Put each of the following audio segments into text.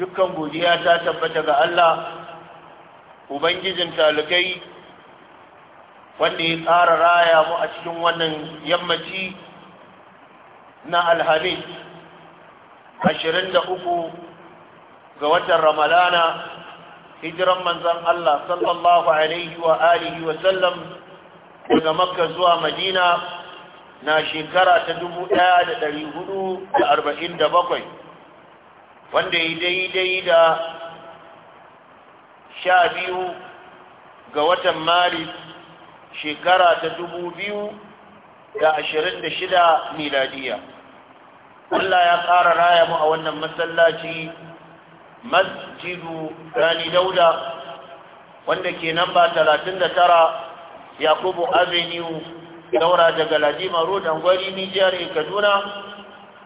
dukkan godiya ta tabbata ga Allah ubangijin talukai wanda ya ƙara raya mu a cikin wannan yammaci na alhamis ashirin da uku ga watan Ramadana, hijiran manzan Allah sallallahu alaihi wa alihi wa sallam daga makka zuwa madina na shekara ta dubu ɗaya da da bakwai. wanda ya daidai da sha biyu ga watan maris shekara ta dubu biyu da ashirin da shida miladiya Allah ya ƙara raya mu a wannan masallaci masjidu rani dauda wanda ke namba talatin da tara yakubu avenue daura daga ladima road gwari nijiyar kaduna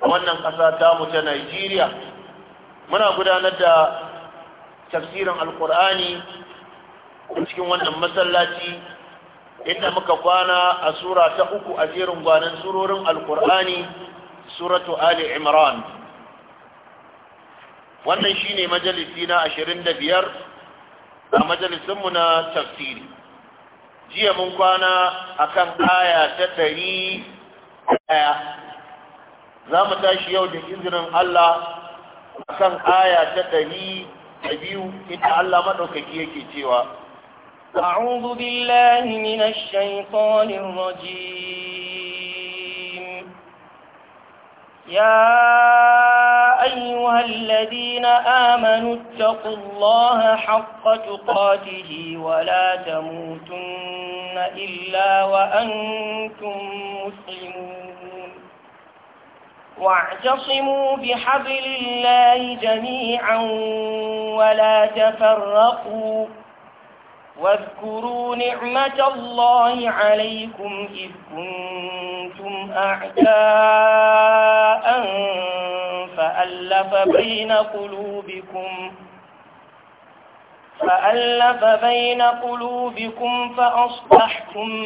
wannan ƙasa tamu ta nigeria muna gudanar da tafsirin alkur'ani cikin wannan masallaci inda muka kwana a sura ta uku a jerin gwanin surorin alkur'ani suratu ali imran wannan shine majalisi na ashirin da biyar a majalisinmu na tafsiri jiya mun kwana a kan aya ta ɗari ɗaya za mu tashi yau da izinin allah akan aya ta ɗari da biyu inda Allah maɗaukaki yake cewa أعوذ بالله من الشيطان الرجيم يا أيها الذين آمنوا اتقوا الله حق تقاته ولا تموتن إلا وأنتم مسلمون واعتصموا بحبل الله جميعا ولا تفرقوا واذكروا نعمة الله عليكم إذ كنتم أعداء فألف بين قلوبكم فألف بين قلوبكم فأصبحتم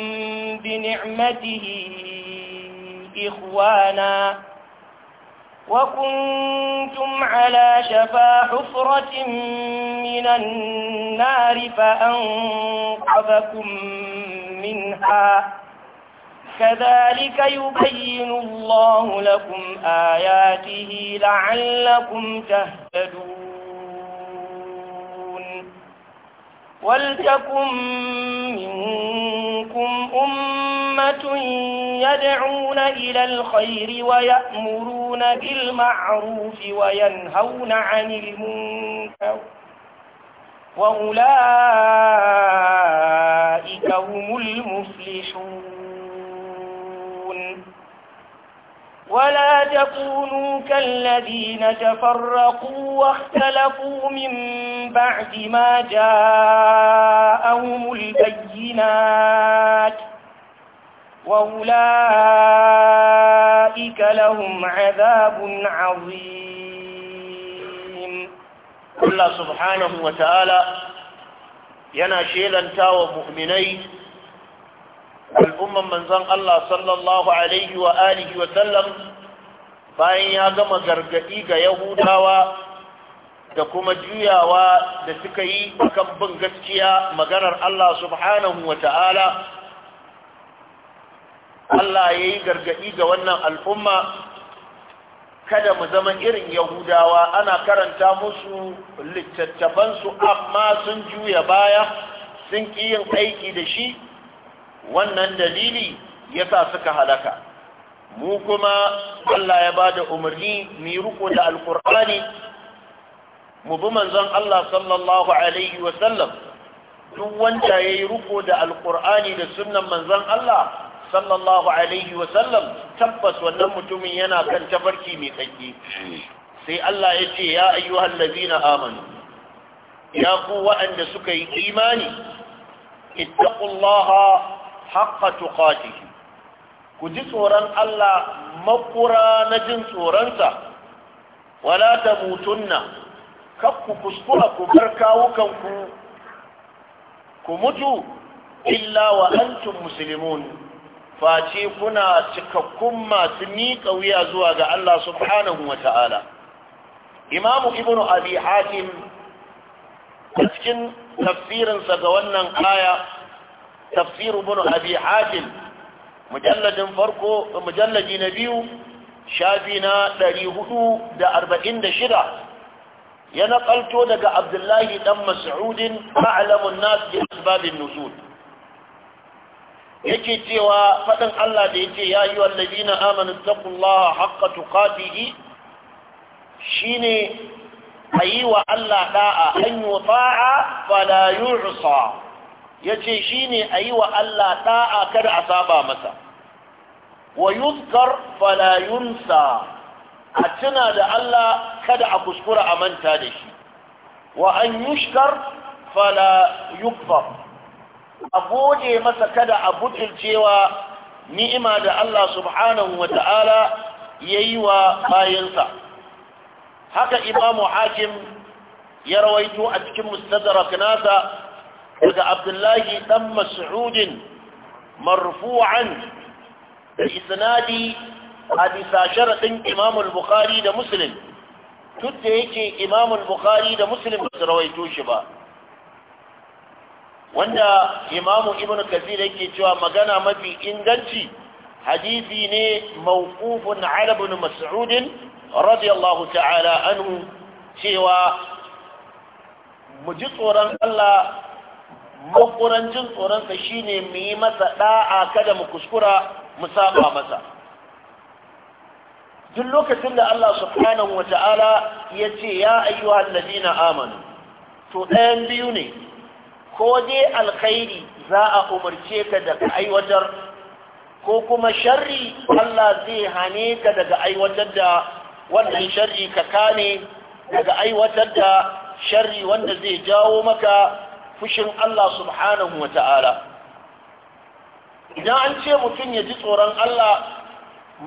بنعمته إخواناً وكنتم على شفا حفرة من النار فأنقذكم منها كذلك يبين الله لكم آياته لعلكم تهتدون ولتكن منكم أمة يدعون إلى الخير ويأمرون بالمعروف وينهون عن المنكر وأولئك هم المفلحون ولا تكونوا كالذين تفرقوا واختلفوا من بعد ما جاءهم البينات وأولئك لهم عذاب عظيم الله سبحانه وتعالى yana shelanta wa mu'minai al'umman manzon Allah sallallahu alaihi wa wa sallam bayan ya gama gargadi ga yahudawa da kuma juyawa da suka yi kan bin gaskiya maganar Allah subhanahu wa ta'ala Allah ya yi gargaɗi ga wannan al'umma kada mu zama irin yahudawa ana karanta musu littattafansu amma sun juya baya sun ƙi yin aiki da shi wannan dalili ya sa suka halaka mu kuma Allah ya ba da umarni mu yi riko da alƙur'ani mu bi manzon Allah sallallahu alaihi wasallam duk wanda ya yi riko da alkur'ani da sunnan manzon Allah sallallahu alaihi wa sallam tabbas wannan mutumin yana kan tafarki mai tsaki sai Allah ya ce ya ayyuhal ladina amanu ya ku waɗanda suka yi imani ittaqullaha haqqa tuqatihi ku ji tsoron Allah makura na jin tsoronsa wala tamutunna kakku kuskura ku bar kawukanku ku mutu illa wa antum muslimun face kuna cikakkun masu miƙa wuya zuwa ga Allah subhanahu wa ta'ala. Imamu Ibn Abi Hatim a cikin tafsirinsa ga wannan aya, tafsir Ibn Abi hakim mujalladin farko, mujallaji na biyu, shafi na ɗari hudu da arba'in da shida, ya naƙalto daga Abdullahi ɗan Mas'udin, ma'alamun nasu da asbabin nuzul. yake cewa faɗin Allah da yake ya yi wallazi na amanin taɓullah haƙƙa tuƙatihi shi ne a yi wa Allah ɗa'a an yi falayun rusa ya ce shi ne a yi wa Allah ɗa'a kada a saba masa wa yuzkar falayunsa a tuna da Allah kada a kuskura a manta da shi wa an yushkar falayukfar a gode masa kada a butulcewa ni'ima da Allah subhanahu wa ta'ala ya yi wa bayansa haka imamu hakim ya rawaito a cikin mustadrak nasa daga abdullahi dan mas'udin marfu'an da isnadi a bisa sharaɗin imamul bukhari da muslim tudda yake yake imamul bukhari da muslim basu su rawaito shi ba wanda imamu ibn kasir yake cewa magana mafi inganci hadisi ne mawqufun ala ibn mas'ud radiyallahu ta'ala anhu cewa muji tsoron Allah makurancin tsoronsa shine mu yi masa da'a kada mu kuskura mu saba masa duk lokacin da Allah subhanahu wa ta'ala ya ce ya ayyuhal ladina amanu to ɗayan biyu ne ko dai alkhairi za a umarce ka daga aiwatar ko kuma sharri Allah zai hane ka daga aiwatar da wannan sharri ka kane daga aiwatar da sharri wanda zai jawo maka fushin Allah subhanahu wa ta'ala idan an ce mutum ya ji tsoron Allah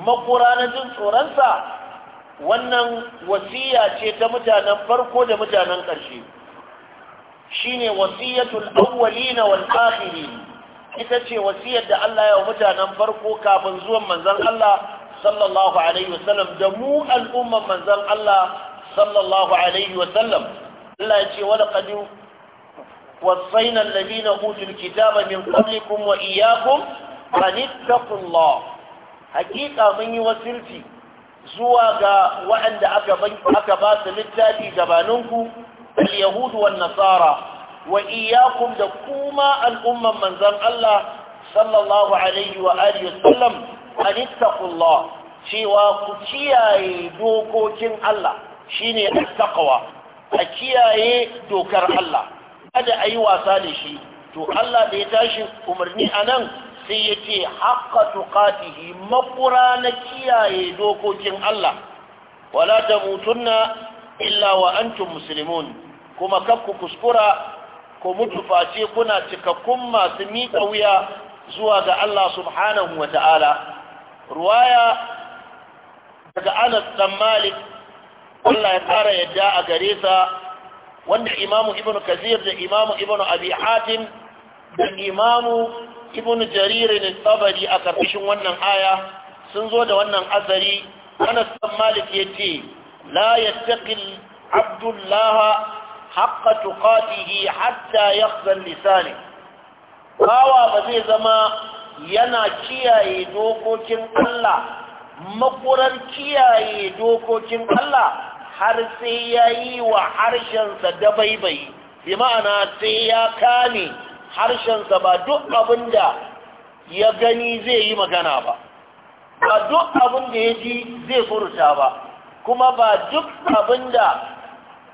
makura na jin tsoronsa wannan wasiya ce ta mutanen farko da mutanen ƙarshe shine wasiyatul awwalina wal akhirin ita ce wasiyar da Allah ya mutanen farko kafin zuwan manzon Allah sallallahu alaihi wasallam da mu al'umman manzon Allah sallallahu alaihi wasallam Allah ya ce wala qad وصينا wa أوتوا الكتاب من قبلكم وإياكم أن اتقوا الله حقيقة من يوسلتي زواغا وعند أكباس littafi gabaninku. اليهود والنصارى وإياكم دكوما الأمة من ذن الله صلى الله عليه وآله وسلم أن اتقوا الله شوى كتياي دوكوكين الله شيني التقوى أكياي دوكر الله هذا أي واسالي شيء to Allah da ya tashi umarni a nan sai ya ce haƙƙa tuƙatihi makura na kiyaye dokokin Allah wala ta mutunna illa wa antum muslimun kuma kakku kuskura ku mutu face kuna cikakkun masu miƙa wuya zuwa ga Allah subhanahu wa ta'ala ruwaya daga Anas dan Malik Allah ya ƙara yadda a gare sa wanda imamu ibn kazir da imamu ibn abi hatim da imamu ibn jaririn tsabari a ƙarƙashin wannan aya sun zo da wannan azari anas dan malik ya ce لا يتقي العبد الله حق تقاته حتى يخزن لسانه ba zai zama yana kiyaye dokokin Allah makurar kiyaye dokokin Allah har sai ya yi wa harshensa baibai, bi ma'ana sai ya kane harshensa ba duk abinda ya gani zai yi magana ba ba duk abinda da ya ji zai furta ba kuma ba duk abin da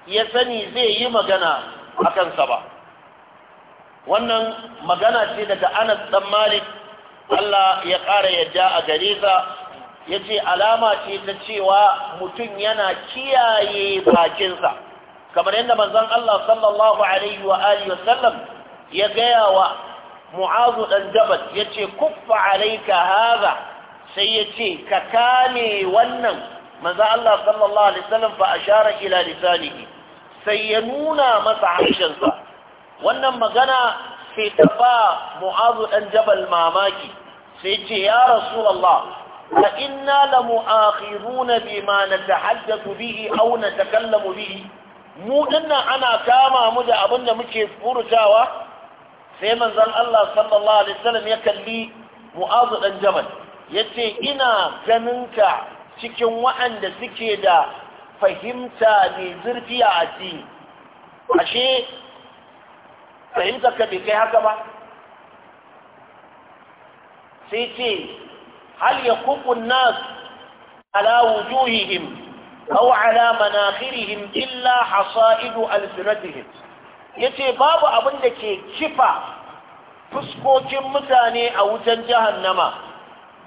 ya sani zai yi magana a kansa ba wannan magana ce daga anas dan malik Allah ya ƙara yadda a gare sa ya ce alama ce ta cewa mutum yana kiyaye bakinsa kamar yadda manzon Allah sallallahu alaihi wa alihi wasallam ya gaya wa mu'azu dan jabal ya ce kuffa alaika haza sai ya ce ka kame wannan manzo Allah sallallahu alaihi wasallam fa ashara ila lisanihi sai ya nuna masa harshensa wannan magana sai tafa mu'azu dan jabal mamaki sai ce ya rasulullah fa inna la mu'akhiruna bima natahaddathu bihi aw natakallamu bihi mu dinnan ana kama mu da abin da muke furtawa sai manzon Allah sallallahu alaihi wasallam ya kalli mu'azu dan jabal yace ina ganinka cikin wa'anda suke da fahimta mai zurfi a addini ashe fahimtar ka bai kai haka ba sai ce hal ya kukun nas ala wujuhihim aw ala manakhirihim illa hasaidu alsinatihim yace babu abin da ke kifa fuskokin mutane a wutan jahannama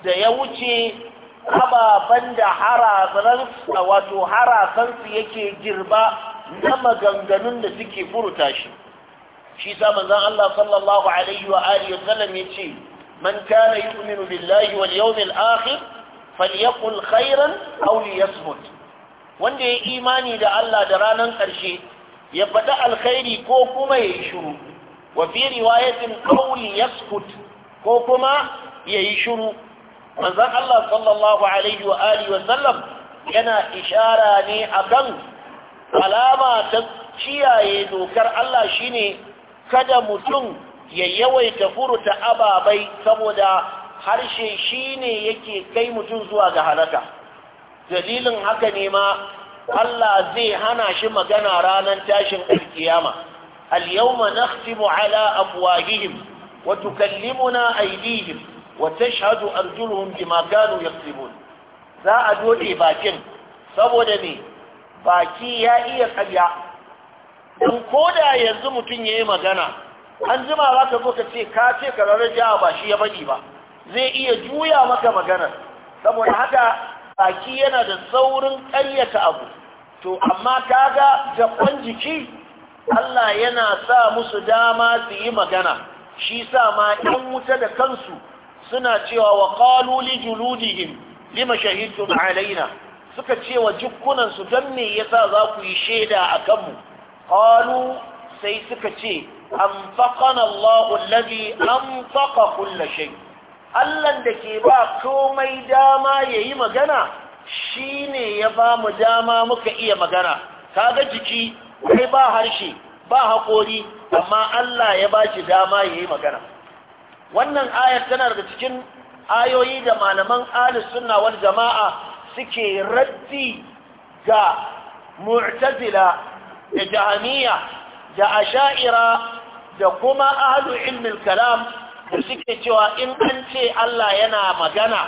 da ya wuce ababen da harasansu wato yake girba na maganganun da suke furuta shi shi sa manzon Allah sallallahu alaihi wa alihi wasallam yace man kana yu'minu billahi wal yawmil akhir falyaqul khairan aw liyasmut wanda ya imani da Allah da ranar ƙarshe ya faɗi alkhairi ko kuma ya yi shiru wa fi riwayatin auli yaskut ko kuma ya yi shiru manzon Allah sallallahu alaihi wa alihi wa yana ishara ne a kan alama ta kiyaye dokar Allah shine kada mutum ya yawaita furuta ababai saboda harshe shine yake kai mutum zuwa ga halaka dalilin haka ne ma Allah zai hana shi magana ranar tashin alkiyama al-yawma nakhtimu ala afwahihim wa tukallimuna aydihim wa tashhadu arjuluhum bima kanu yaktubun za a dode bakin saboda ne baki ya iya In ko koda yanzu mutum yayi magana an jima za ka zo ka ce ka ce kararar jiha ba shi ya bari ba zai iya juya maka maganar saboda haka baki yana da saurin ƙaryata abu to amma kaga gaban jiki Allah yana sa musu dama su yi magana shi sa ma ɗan wuta da kansu suna cewa wa qalu li juludihim lima shahidtum alaina suka ce wa jukkunan dan me yasa za ku yi shaida a kanmu? Ƙalu sai suka ce anfaqana Allahu alladhi anfaqa kull shay Allah da ke ba komai dama yayi magana shine ya ba mu dama muka iya magana kaga jiki kai ba harshe ba haƙori amma Allah ya ba shi dama yayi magana wannan ayar tana da cikin ayoyi da malaman ahlus sunna wal jama'a suke raddi ga mu'tazila da jahamiya da asha'ira da kuma ahlu ilmin kalam da suke cewa in an ce Allah yana magana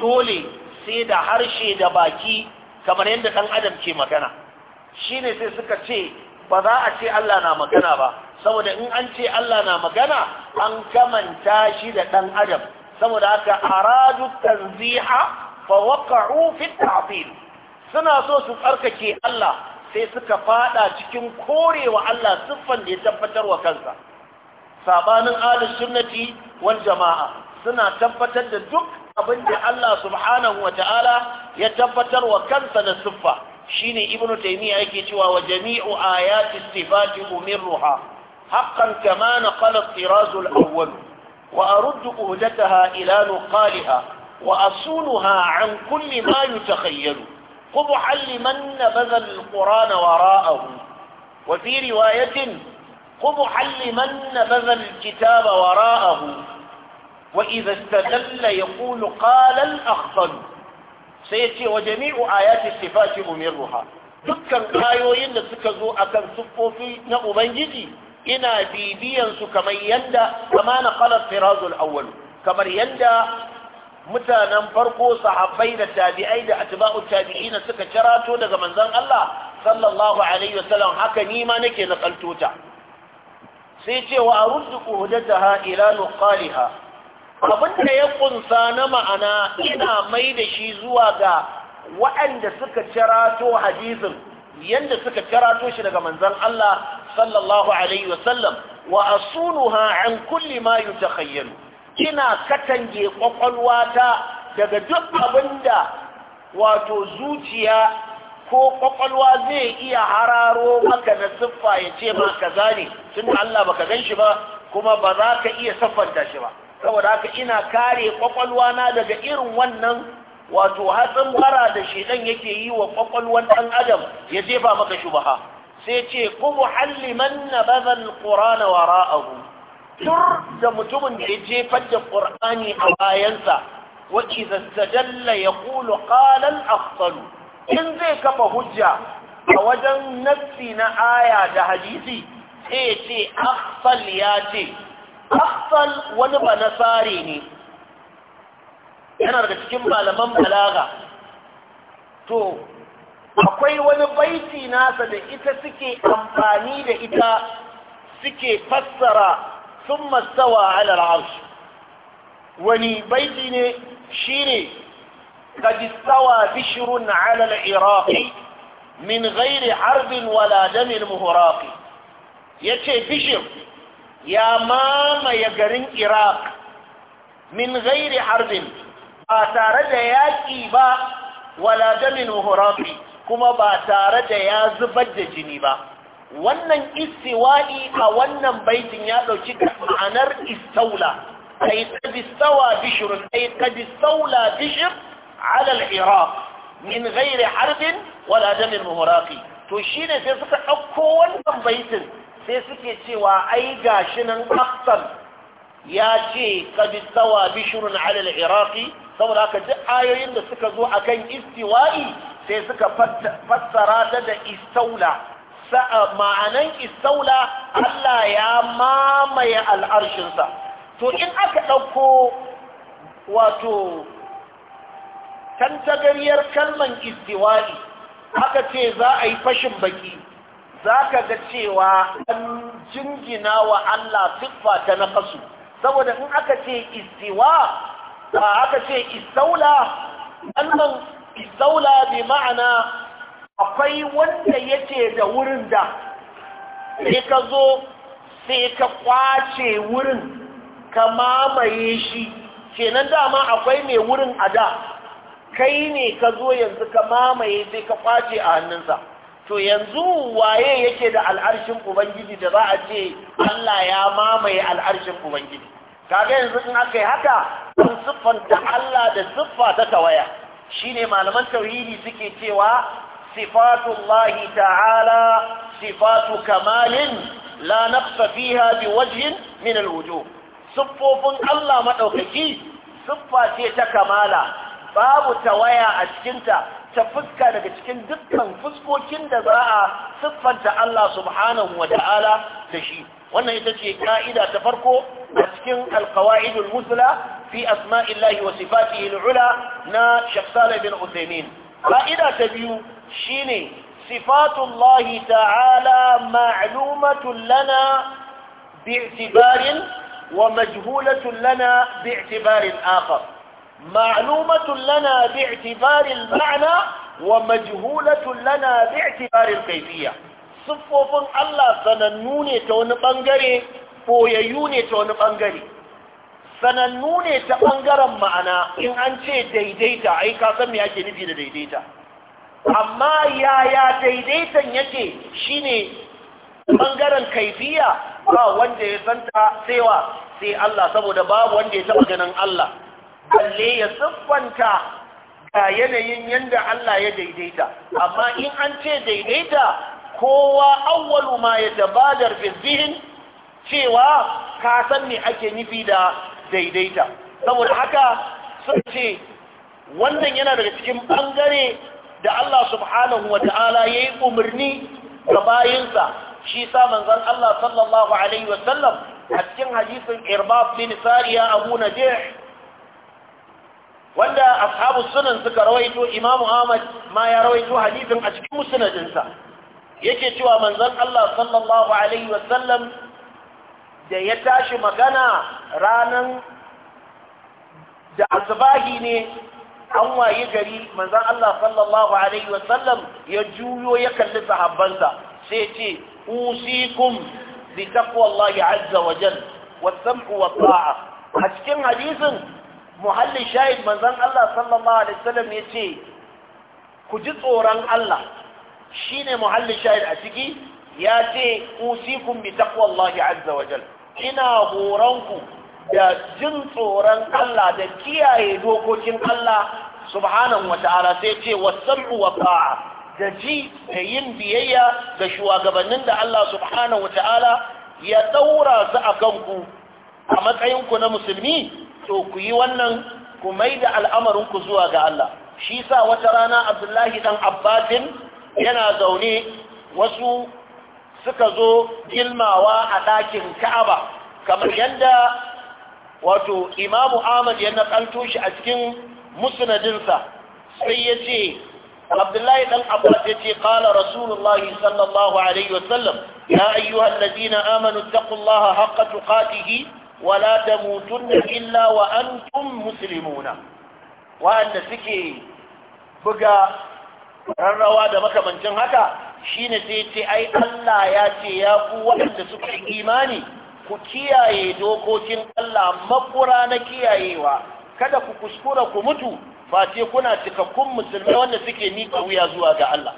dole sai da harshe da baki kamar yadda ɗan adam ke magana shine sai suka ce ba za a ce Allah na magana ba saboda in an ce Allah na magana an kamanta shi da ɗan adam saboda haka aradu tanziha fa waqa'u fi ta'til suna so su tsarkake Allah sai suka fada cikin korewa Allah siffan da ya tabbatar wa kansa sabanin ahlus sunnati wal jama'a suna tabbatar da duk abin da Allah subhanahu wa ta'ala ya tabbatar wa kansa da siffa shine ibnu taymiya yake cewa wa jami'u ayati sifati umirruha haqqan kama naqala at-tiraz al-awwal wa aruddu uhdataha ila nuqaliha wa asulaha an kulli ma yatakhayyalu qubhan liman nabadha al-quran wara'ahu wa fi riwayatin qubhan liman nabadha al-kitaba wara'ahu istadalla yaqulu qala al الأخطل sai ce wa jami'u ayati sifati umirruha dukkan kayoyin da suka zo akan siffofi na ubangiji ina bibiyan su kamar yanda kama na qalat firazul awwal kamar yanda mutanen farko sahabbai da tabi'ai da atba'u tabi'ina suka cirato daga manzon Allah sallallahu alaihi wasallam haka ni ma nake na kaltota sai ce wa aruddu quhdataha ila nuqaliha abin da ya kunsa na ma'ana ina mai da shi zuwa ga waɗanda suka cirato hadisin yanda suka cirato shi daga manzon Allah sallallahu alaihi wasallam wa asunuha an kulli ma yutakhayyalu ina katange kwakwalwata daga duk abinda wato zuciya ko kwakwalwa zai iya hararo maka na siffa ya ce ma kaza ne tun Allah baka gan shi ba kuma ba za ka iya siffanta shi ba saboda haka ina kare kwakwalwana na daga irin wannan wato hatsin bara da shedan yake yi wa kwakwalwan dan adam ya jefa maka shubha sai ce kubu halliman nabadha alqur'ana wara'ahu tur da mutumin da ya jefar da qur'ani a bayansa wa idza ya yaqulu qala al in zai kafa hujja a wajen nassi na aya da hadisi sai ce afdal ya ce afsal wani banasari ne yana daga cikin malaman balaga to akwai wani baiti nasa da ita suke amfani da ita suke fassara sun mastawa ala wani baiti ne shine قد bishirun بشر على العراق من harbin حرب ولا دم Ya ce بشر ya mamaye garin iraq min gairi harbin ba tare da yaƙi ba wala damin hurafi kuma ba tare da ya zubar da jini ba wannan istiwa'i a wannan baitin ya ɗauki ma'anar istaula ai kadistawa bishirun ai kadistaula bishir alal iraq min gairi harbin wala damin hurafi to shine sai suka ɗauko wannan baitin sai suke cewa ai gashi nan afsal ya ce kadi tsawa bishirun alal iraqi saboda haka duk ayoyin da suka zo akan istiwa'i sai suka fassara ta da istaula ma'anan istaula Allah ya mamaye al'arshinsa to in aka ɗauko wato tantagariyar kalman istiwa'i aka ce za a yi fashin baki za ka ga cewa an jingina wa Allah siffa ta na kasu saboda in aka ce istiwa ba aka ce istaula annan istaula bi ma'ana akwai wanda yake da wurin da sai ka zo sai ka kwace wurin ka mamaye shi kenan dama akwai mai wurin a da kai ne ka zo yanzu ka mamaye sai ka kwace a hannunsa to yanzu waye yake da al'arshin ubangiji da za a ce Allah ya mamaye al'arshin ubangiji kaga yanzu in aka yi haka sun siffanta Allah da siffa ta tawaya shine malaman tauhidi suke cewa sifatullahi ta'ala sifatu kamalin la naqsa fiha biwajhin min alwujuh siffofin Allah madaukaki siffa ce ta kamala babu tawaya a cikinta ta fuska daga cikin dukkan fuskokin da za a siffanta Allah subhanahu wa ta'ala da shi wannan ita ce ka'ida ta farko a cikin alqawaidul musla fi asma'illahi wa sifatihi al'ula na shakhsal ibn Uthaymeen ka'ida ta biyu shine sifatullahi ta'ala ma'lumatun lana bi'tibarin wa majhulatun lana bi'tibarin akhar معلومة لنا باعتبار المعنى ومجهولة لنا باعتبار الكيفية صفوف الله سننوني تونبانجري فويوني تونبانجري sanannu ne ta ɓangaren ma'ana in an ce daidaita ai ka san me ake nufi da daidaita amma yaya daidaitan yake shine ɓangaren kaifiya ba wanda ya santa sewa sai Allah saboda babu wanda ya taɓa ganin Allah balle ya siffanta ga yanayin yanda Allah ya daidaita amma in an ce daidaita kowa awwalu ma ya tabadar fi zihin cewa ka san me ake nufi da daidaita saboda haka sun ce wannan yana daga cikin bangare da Allah subhanahu wa ta'ala ya yi umarni ga bayinsa shi sa manzan Allah sallallahu alaihi sallam a cikin hadisin irbaf bin sariya abu najih wanda ashabu sunan suka rawaito imamu ahmad ma ya rawaito hadithin a cikin musnadinsa yake cewa manzon Allah sallallahu alaihi wasallam da ya tashi magana ranan da asbahi ne an waye gari manzon Allah sallallahu alaihi wasallam ya juyo ya kalli sahabbansa sai ce usikum bi taqwallahi azza wa jalla was sam'u wa ta'a a cikin hadisin muhallin shahid manzon Allah sallallahu alaihi wasallam yace ku ji tsoron Allah shine muhallin shahid a ciki ya ce usikum bi taqwallahi azza wa jal ina horonku da jin tsoron Allah da kiyaye dokokin Allah subhanahu wa ta'ala sai ce wasam'u wa ta'a da ji da yin biyayya ga shugabannin da Allah subhanahu wa ta'ala ya daura su a kanku a matsayinku na musulmi to ku yi wannan ku mai da al'amarinku zuwa ga Allah shi sa wata rana abdullahi dan abbasin yana zaune wasu suka zo gilmawa a ɗakin ka'aba kamar yadda wato imamu ahmad ya naƙalto shi a cikin musnadinsa sai ya ce abdullahi dan abbas ya ce ƙala rasulullahi sallallahu alaihi wasallam ya ayyuhan ladina amanu taqullaha haqqa tuqatihi Wala ولا تموتن إلا وأنتم مسلمون وأن سكي بقى rarrawa da makamancin haka shine sai ce ai Allah ya ce ya ku waɗanda suka imani ku kiyaye dokokin Allah makura na kiyayewa kada ku kuskura ku mutu face kuna cikakkun musulmai wanda suke miƙa wuya zuwa ga Allah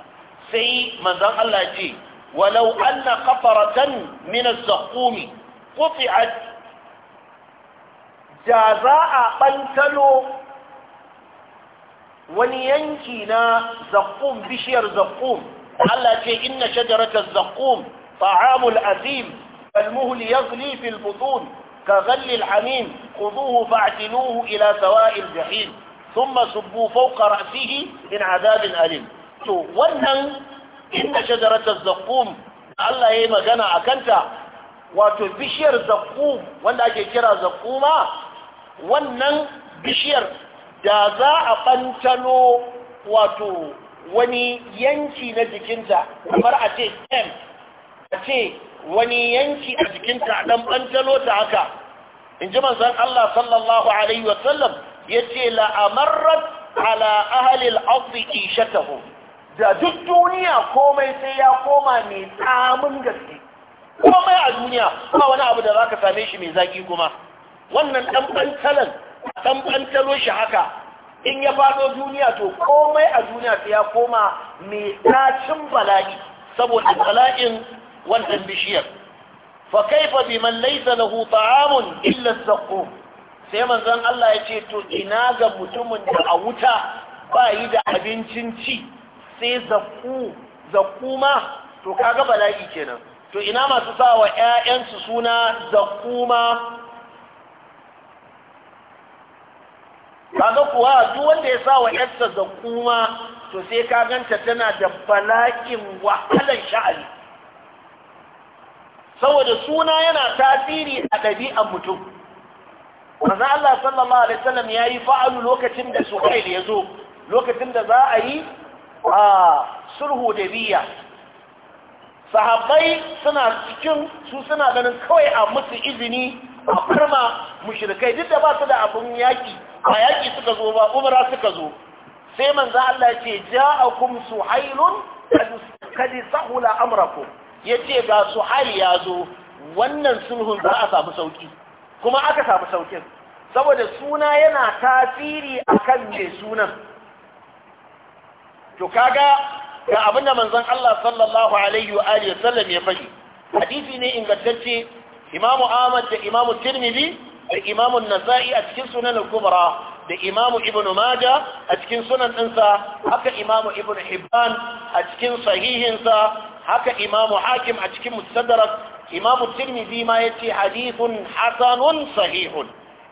sai manzon Allah ce walau anna qafaratan min az-zaqumi quti'at da za a ɓantalo wani yanki na zakkum bishiyar zakkum Allah ce inna shajaratar zakkum ta'amul azim kalmuhul yazli fil butun ka zallil hamim khuduhu fa'tinuhu ila sawa'il jahim thumma subbu fawqa ra'sihi min azabin alim to wannan inna shajaratar zakkum Allah yayi magana akanta wato bishiyar zakkum wanda ake kira zakkuma wannan bishiyar da za a ɓantalo wato wani yanki na jikinta kamar a ce m a ce wani yanki a jikinta dan ɓantalo ta haka in ji manzan Allah sallallahu Alaihi wasallam ya ce la'amarrat ala ahalil arzi ishatahu da duk duniya komai sai ya koma mai tsamin gaske komai a duniya kuma wani abu da za ka same shi mai zaki kuma wannan dan bantalan shi haka in ya faɗo duniya to komai a duniya sai ya koma mai tacin bala'i saboda bala'in wannan bishiyar fa kaifa biman laysa lahu ta'amun illa as sai manzon Allah ya ce to ina ga mutumin da a wuta ba yi da abincin ci sai zakku zakku ma to kaga bala'i kenan to ina masu sawa 'ya'yansu suna zakku kaga kuwa duk wanda ya sa wa yarsa da kuma to sai ka ganta tana da bala'in wahalan sha'ani saboda suna yana tasiri a ɗabi'an mutum wanda Allah sallallahu alaihi wasallam yi fa'alu lokacin da Suhail ya zo lokacin da za a yi a sulhu da biya sahabbai suna cikin su suna ganin kawai a musu izini a farma mushrikai duk da ba su da abun yaki ba yaki suka zo ba umara suka zo sai manzo Allah ya ce ja'akum suhailun kad sahula amrakum yace ga suhail ya zo wannan sulhun za a samu sauki kuma aka samu saukin saboda suna yana tasiri akan mai sunan to kaga ga abinda manzon Allah sallallahu alaihi wa alihi wasallam ya faɗi hadisi ne ingantacce imamu ahmad da imamu tirmidhi da imamu nasa'i a cikin sunan al-kubra da imamu ibnu maja a sunan ɗinsa haka imamu ibnu hibban a sahihinsa haka imamu hakim a cikin mustadrak imamu tirmidhi ma yace hadithun hasanun sahihun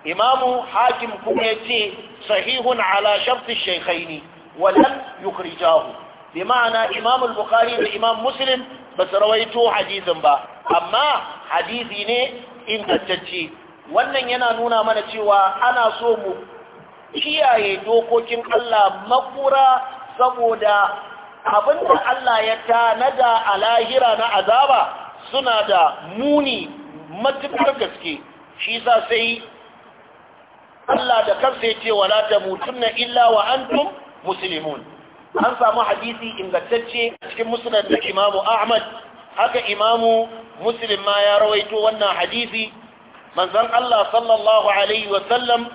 imamu hakim kuma yace sahihun ala shartu shaykhaini wa lam yukhrijahu bi ma'ana imamul al-bukhari da imam muslim ba su rawaito hadisin ba amma hadisi ne ingantacce wannan yana nuna mana cewa ana so mu kiyaye dokokin Allah makura saboda abinda Allah ya tanada a lahira na azaba suna da muni matukar gaske shi sa sai Allah da kansa ya ce wala tamutunna illa wa antum muslimun an samu hadisi ingantacce cikin musulun da imamu ahmad haka imamu musulun ma ya rawaito wannan hadisi manzon Allah sallallahu alaihi wa sallam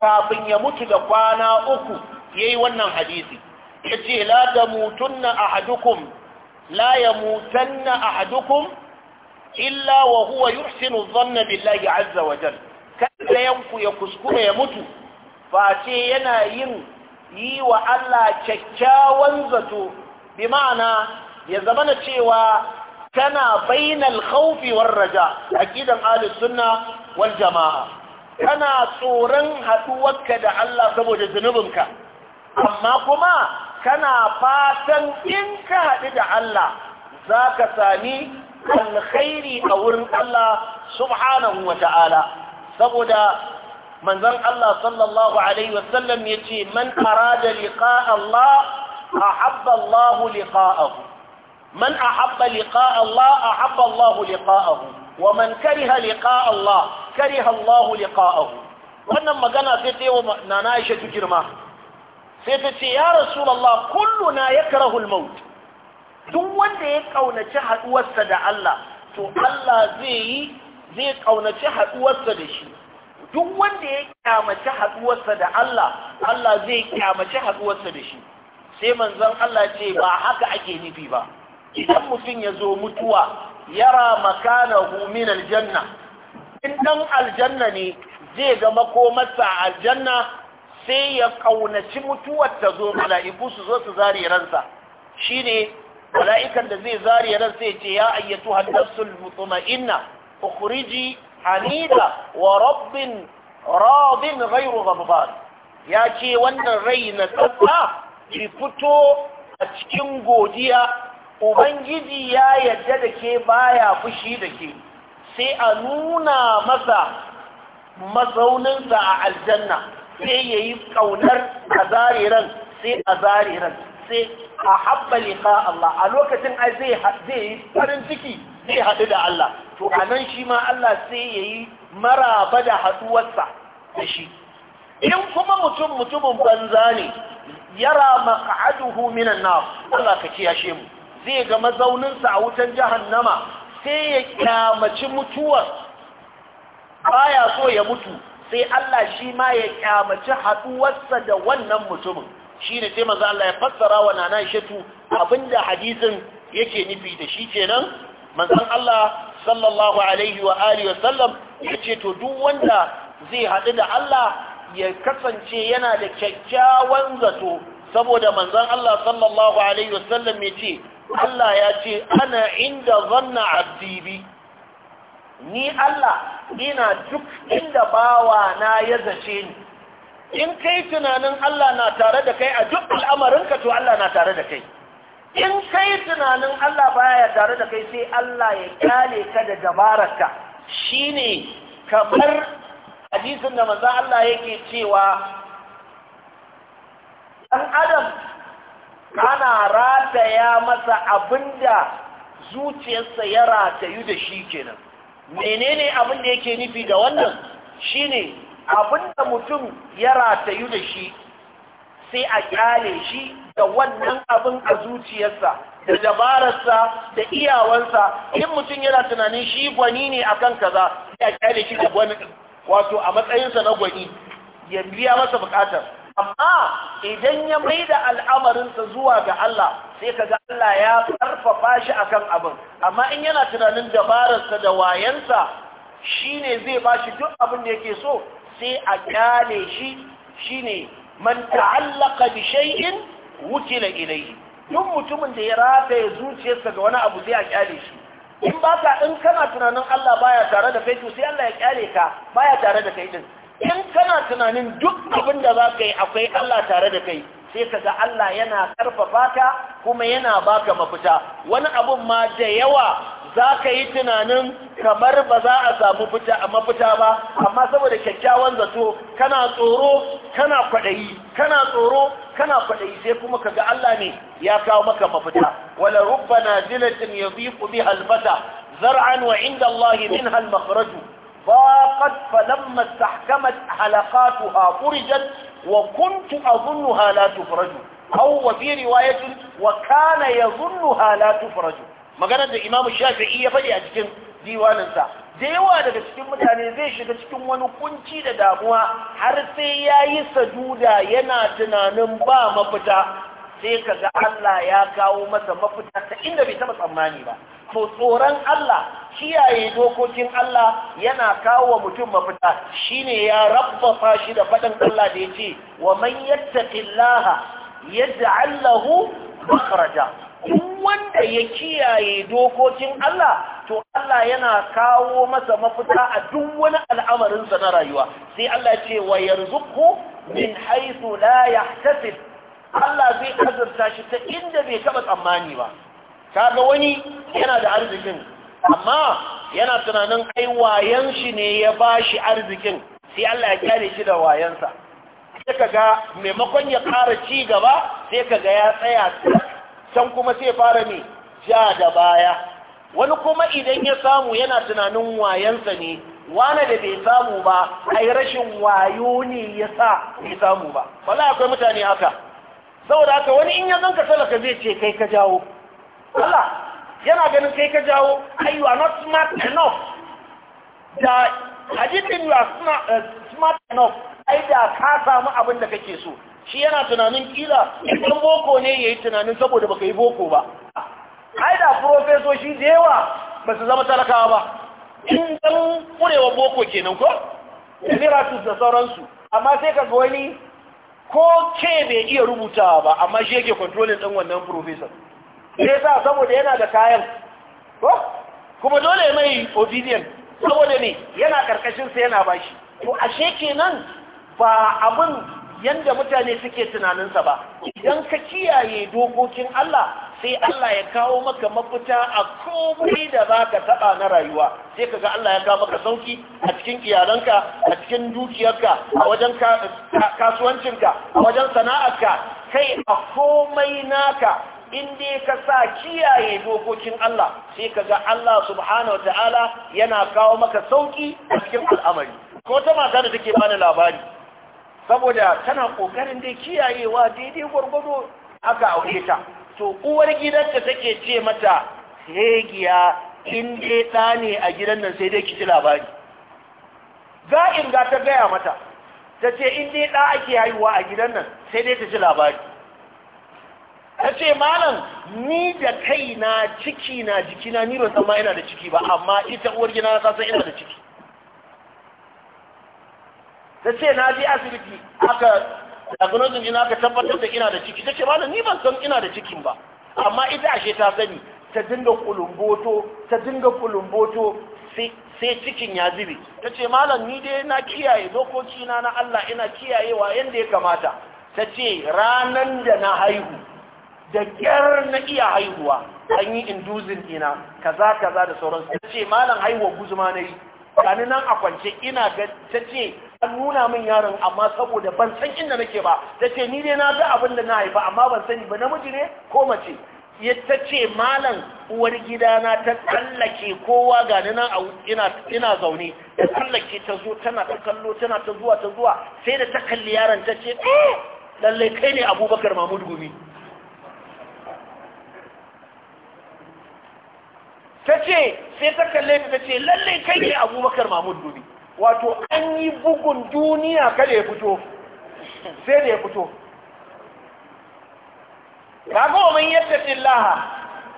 kafin ya mutu da kwana uku yayi wannan hadisi yace la tamutunna ahadukum la yamutanna ahadukum illa wa huwa yuhsinu dhanna billahi azza wa jalla kada yanku ya kuskure ya mutu face yana yin yi wa Allah kyakkyawan zato bi ma'ana ya na cewa tana bainal khawfi war raja aqidan Ali sunna wal jamaa kana tsoron haduwarka da Allah saboda zunubinka amma kuma kana fatan in ka haɗu da Allah zaka sami alkhairi a wurin Allah subhanahu wa ta'ala saboda Manzan Allah sallallahu alaihi wasallam yace man arada liƙa Allah a ahabba Allah liqa'ahu man a ahabba liƙa Allah a ahabba Allah liqa'ahu wa man kariha liƙa Allah kariha Allah liqa'ahu wannan magana sai ta yi wa nana Aisha girma sai ta ce ya Rasulullah kulluna yakrahu al-maut duk wanda ya kaunaci haduwarsa da Allah to Allah zai yi zai kaunaci haduwarsa da shi duk wanda ya kyamaci haduwarsa da Allah Allah zai kyamaci haduwarsa da shi sai manzon Allah ce ba haka ake nufi ba idan mutum ya zo mutuwa yara makanahu min aljanna in dan aljanna ne zai ga makomarsa a aljanna sai ya kaunaci mutuwar ta zo mala'iku su zo su zare ransa shine mala'ikan da zai zare ransa ya ce ya ayyatu mutuma inna ukhriji hamida wa rabbin radin ghairu ghadban ya ce wannan rai na tsatsa ki fito a cikin godiya ubangiji ya yadda da ke baya fushi da ke sai a nuna masa mazauninsa a aljanna sai ya yi ƙaunar a zariran sai a zariran sai a haɓɓa liƙa Allah a lokacin zai yi farin ciki zai haɗu da Allah to a nan shi ma Allah sai ya yi maraba da haɗuwarsa da shi in kuma mutum mutumin banza ne yara maka'aduhu minan na Allah ka she mu zai ga mazauninsa a wutan jahannama sai ya kyamaci mutuwar baya so ya mutu sai Allah shi ma ya kyamaci haɗuwarsa da wannan mutumin shi ne sai maza Allah ya fassara wa nana shatu abinda hadisin yake nufi da shi kenan manzon Allah sallallahu alaihi wa alihi wa sallam yace to duk wanda zai haɗu da Allah ya kasance yana da kyakkyawan zato saboda manzon Allah sallallahu alaihi wa sallam yace Allah ya ce ana inda zanna abdi ni Allah ina duk inda bawa na ya zace ni in kai tunanin Allah na tare da kai a duk al'amarinka to Allah na tare da kai in kai tunanin Allah baya tare da kai sai Allah ya kyale ka da dabararka shine kamar hadisin da manzo Allah yake cewa dan adam ana rataya masa abinda zuciyarsa ya ratayu da shi kenan menene abin da yake nufi da wannan shine abinda mutum ya ratayu da shi sai a gyale shi da wannan abin a zuciyarsa da dabararsa da iyawansa in mutum yana tunanin shi gwani ne a kan kaza sai a gyale shi da gwani wato a matsayinsa na gwani ya biya masa bukatar amma idan ya mai da al'amarinsa zuwa ga Allah sai kaga Allah ya karfafa shi akan abin amma in yana tunanin dabararsa da wayansa shine zai bashi duk abin da yake so sai a gyale shi shine man ta'allaka bi shay'in wukila ilayhi duk mutumin da ya ya zuciyarsa ga wani abu sai a kyale shi in ba ka in kana tunanin Allah baya tare da kai to sai Allah ya kyale ka baya tare da kai din in kana tunanin duk abin da za ka yi akwai Allah tare da kai sai ka ga Allah yana karfafa ka kuma yana baka mafita wani abun ma da yawa za ka yi tunanin kamar ba za a samu mafita ba amma saboda kyakkyawan zato kana tsoro kana kwaɗayi kana tsoro kana kwaɗayi sai kuma ka ga Allah ne ya kawo maka mafita wala rubba na zilatin ya fi kubi halbata zar'an wa inda Allah min halmakaraju wa kuntu a zunnu فرجت وكنت hau لا تفرج أو wa رواية ya zunnu لا تفرج maganar da imamu shafi'i ya faɗi a cikin diwaninsa da yawa daga cikin mutane zai shiga cikin wani kunci da damuwa har sai ya yi saduda yana tunanin ba mafita sai ka ga Allah ya kawo masa mafita ta inda bai taɓa tsammani ba to tsoron Allah kiyaye dokokin Allah yana kawo mutum mafita shine ya rabbafa shi da faɗin Allah da ya ce wa man yattaqillaha yaj'al lahu makhraja in wanda ya kiyaye dokokin Allah to Allah yana kawo masa mafita a duk wani al'amarinsa na rayuwa sai Allah ce wa yarzuqhu min haythu la yahtasib Allah zai azurta shi ta inda bai taba tsammani ba kaga wani yana da arzikin amma yana tunanin ai wayan shi ne ya bashi arzikin sai Allah ya kyale shi da wayansa sai kaga maimakon ya kara ci gaba sai kaga ya tsaya can kuma sai fara ne ja da baya wani kuma idan ya samu yana tunanin wayansa ne wane da bai samu ba ai rashin wayo ne ya sa bai samu ba Bala akwai mutane haka da haka wani in ya zanka salaka zai ce kai ka jawo Allah yana ganin kai ka jawo ai you are not smart enough da hadisin you are eh, smart, enough ai da ka samu abin da kake so shi yana tunanin kila ɗan boko ne ya yi tunanin saboda baka yi boko ba ai da profesoshi da yawa ba su zama talakawa ba in ɗan ƙurewa boko kenan ko emiratus da sauransu amma sai ka ga wani ko ke bai iya rubutawa ba amma shi yake kontrolin ɗan wannan profesor ne sa saboda yana da kayan ko kuma dole mai obedient saboda ne yana ƙarƙashinsa yana bashi to ashe kenan ba abin yanda mutane suke tunaninsa ba idan ka kiyaye dokokin Allah sai Allah ya kawo maka mafita a komai da za ka taɓa na rayuwa sai ka ga Allah ya kawo maka sauki a cikin iyalanka a cikin dukiyarka a wajen kasuwancinka a wajen sana'arka kai a komai naka in dai ka sa kiyaye dokokin Allah sai ka ga Allah subhanahu wa ta'ala yana kawo maka sauki a cikin al'amari ko ta mata da take bani labari saboda tana kokarin dai kiyayewa daidai gwargwado aka aure ta to uwar gidanta take ce mata hegiya in dai ɗa ne a gidan nan sai dai kici ji labari in ga ta gaya mata ta ce in dai ɗa ake haihuwa a gidan nan sai dai ta ci labari ta ce malam ni da kaina ciki na jikina ni ba san ma ina da ciki ba amma ita uwar gida na san ina da ciki ta ce na je asibiti aka diagnosis ina ka tabbatar da ina da ciki ta ce ba ni ban san ina da cikin ba amma ita ashe ta sani ta dinga kulumboto ta dinga kulumboto sai cikin ya zube ta ce malam ni dai na kiyaye dokoki na na Allah ina kiyayewa yanda ya kamata ta ce ranan da na haihu da kyar na iya haihuwa an yi induzin ina kaza kaza da sauransu ta ce malam haihuwa guzuma na yi nan a kwance ina ta ce an nuna min yaron amma saboda ban san inda nake ba ta ce ni dai na ga abin da na haifa amma ban sani ba namiji ne ko mace ya ta ce malam uwar gidana ta tsallake kowa ga nan ina zaune ta tsallake ta zo tana ta kallo tana ta zuwa ta zuwa sai da ta kalli yaron ta ce eh lallai kai ne abubakar mahmud gumi ta ce sai ta kalle ta ce lallai kai ne abubakar mahmud gumi wato an yi bugun duniya kada ya fito sai da ya fito kaga wa man yattaqillaha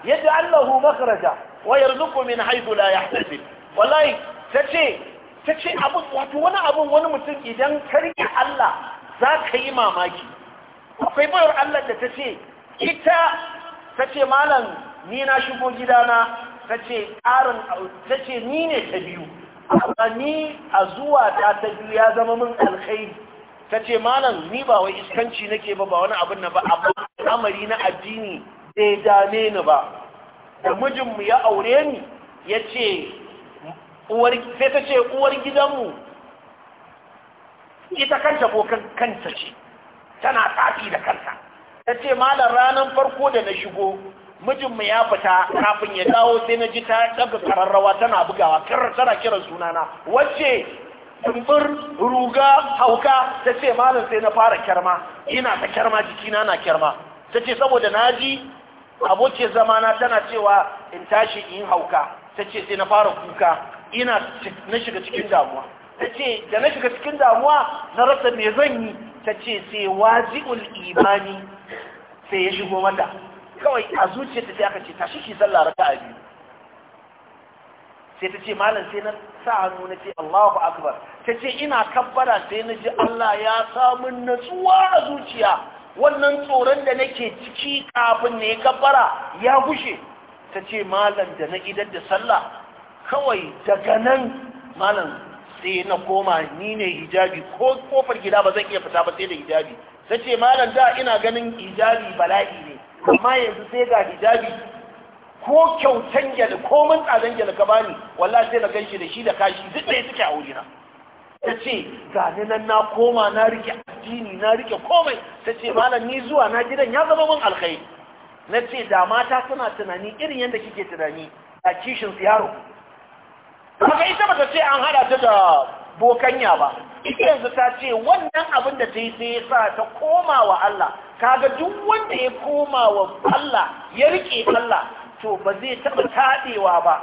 yaj'al lahu makhraja wa yarzuqu min haythu la yahtasib wallahi tace tace abu wato wani abu wani mutum idan karki Allah za ka yi mamaki akwai bayar Allah da tace ita tace malam ni na shigo gidana tace ƙarin tace ni ne ta biyu ni a zuwa ta ta biyu ya zama min alkhairi ta ce malam ni ba wai iskanci nake ba ba wani abin na ba amma amari na addini bai dame ni ba da mijinmu ya aure ni ya ce sai ta ce uwar gidanmu ita kanta ko kanta ce tana tsafi da kanta ta ce malam ranar farko da na shigo mijinmu ya fita kafin ya dawo sai na ji ta daga kararrawa tana bugawa kar tana kiran sunana wacce tumbur ruga hauka ta ce malam sai na fara kyarma ina ta kyarma jikina na kyarma ta ce saboda na ji abokin zamana tana cewa in tashi in hauka ta ce sai na fara kuka ina na shiga cikin damuwa ta da na shiga cikin damuwa na rasa me zan yi ta ce sai wajibul imani sai ya shigo mata kawai a zuciya ta aka ce tashi ki sallah a biyu sai ta ce malam sai na sa hannu na ce Allahu akbar ta ce ina kabbara sai na ji Allah ya samu natsuwa a zuciya wannan tsoron da nake ciki kafin ne kabbara ya gushe ta ce malam da na idar da sallah kawai daga nan malam sai na koma ni ne hijabi ko kofar gida ba zan iya fita ba sai da hijabi ta ce malam da ina ganin hijabi bala'i ne amma yanzu sai ga hijabi ko kyautan gyale ko mun tsadan gyale ka bani wallahi sai na ganshi da shi da kashi duk da suke a wurina ta ce ga ni nan na koma na rike addini na rike komai ta ce malam ni zuwa na gidan ya zama mun alkhairi na ce da mata suna tunani irin yadda kike tunani a kishin su yaro aka ita ba ta ce an hada ta da bokanya ba ita yanzu ta ce wannan abin da ta yi sai ya sa ta koma wa Allah kaga duk wanda ya koma wa Allah ya rike Allah to ba zai taɓa kaɗewa ba